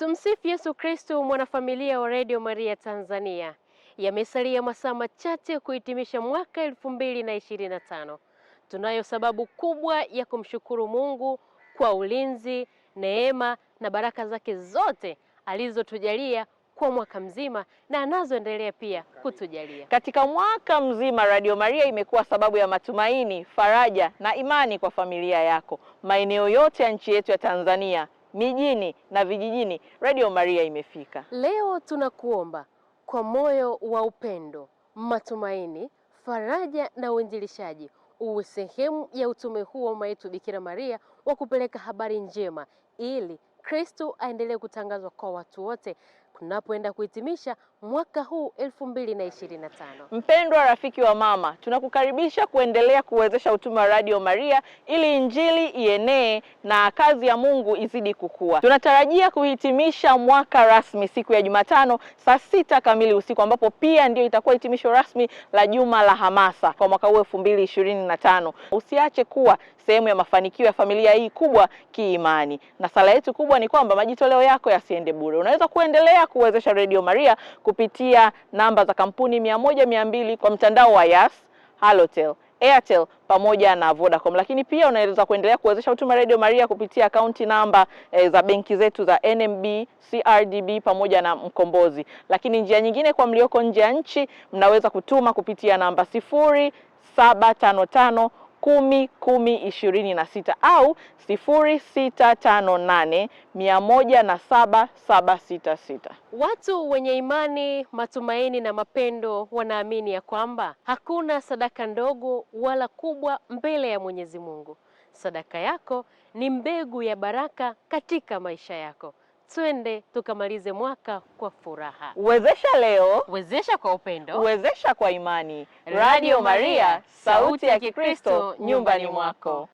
Tumsifu Yesu Kristu, mwanafamilia wa Radio Maria Tanzania. Yamesalia masaa machache kuhitimisha mwaka elfu mbili na ishirini na tano. Tunayo sababu kubwa ya kumshukuru Mungu kwa ulinzi, neema na baraka zake zote alizotujalia kwa mwaka mzima na anazoendelea pia kutujalia katika mwaka mzima. Radio Maria imekuwa sababu ya matumaini, faraja na imani kwa familia yako maeneo yote ya nchi yetu ya Tanzania mijini na vijijini, Radio Maria imefika. Leo tunakuomba kwa moyo wa upendo, matumaini, faraja na uinjilishaji uwe sehemu ya utume huu wa mama Bikira Maria wa kupeleka habari njema, ili Kristo aendelee kutangazwa kwa watu wote tunapoenda kuhitimisha mwaka huu 2025. Mpendwa rafiki wa mama, tunakukaribisha kuendelea kuwezesha utume wa Radio Maria ili injili ienee na kazi ya Mungu izidi kukua. Tunatarajia kuhitimisha mwaka rasmi siku ya Jumatano saa sita kamili usiku, ambapo pia ndio itakuwa hitimisho rasmi la juma la hamasa kwa mwaka huu 2025. Usiache kuwa sehemu ya mafanikio ya familia hii kubwa kiimani, na sala yetu kubwa ni kwamba majitoleo yako yasiende bure. Unaweza kuendelea kuwezesha Radio Maria kupitia namba za kampuni mia moja mia mbili kwa mtandao wa Yas, Halotel, Airtel pamoja na Vodacom, lakini pia unaweza kuendelea kuwezesha utuma Radio Maria kupitia akaunti namba e, za benki zetu za NMB, CRDB pamoja na Mkombozi. Lakini njia nyingine kwa mlioko nje ya nchi, mnaweza kutuma kupitia namba sifuri saba tano tano kumi kumi ishirini na sita au sifuri sita tano nane mia moja na saba saba sita sita. Watu wenye imani, matumaini na mapendo wanaamini ya kwamba hakuna sadaka ndogo wala kubwa mbele ya Mwenyezi Mungu. Sadaka yako ni mbegu ya baraka katika maisha yako. Twende tukamalize mwaka kwa furaha. Wezesha leo, wezesha kwa upendo, wezesha kwa imani. Radio Maria, sauti ya Kikristo nyumbani mwako.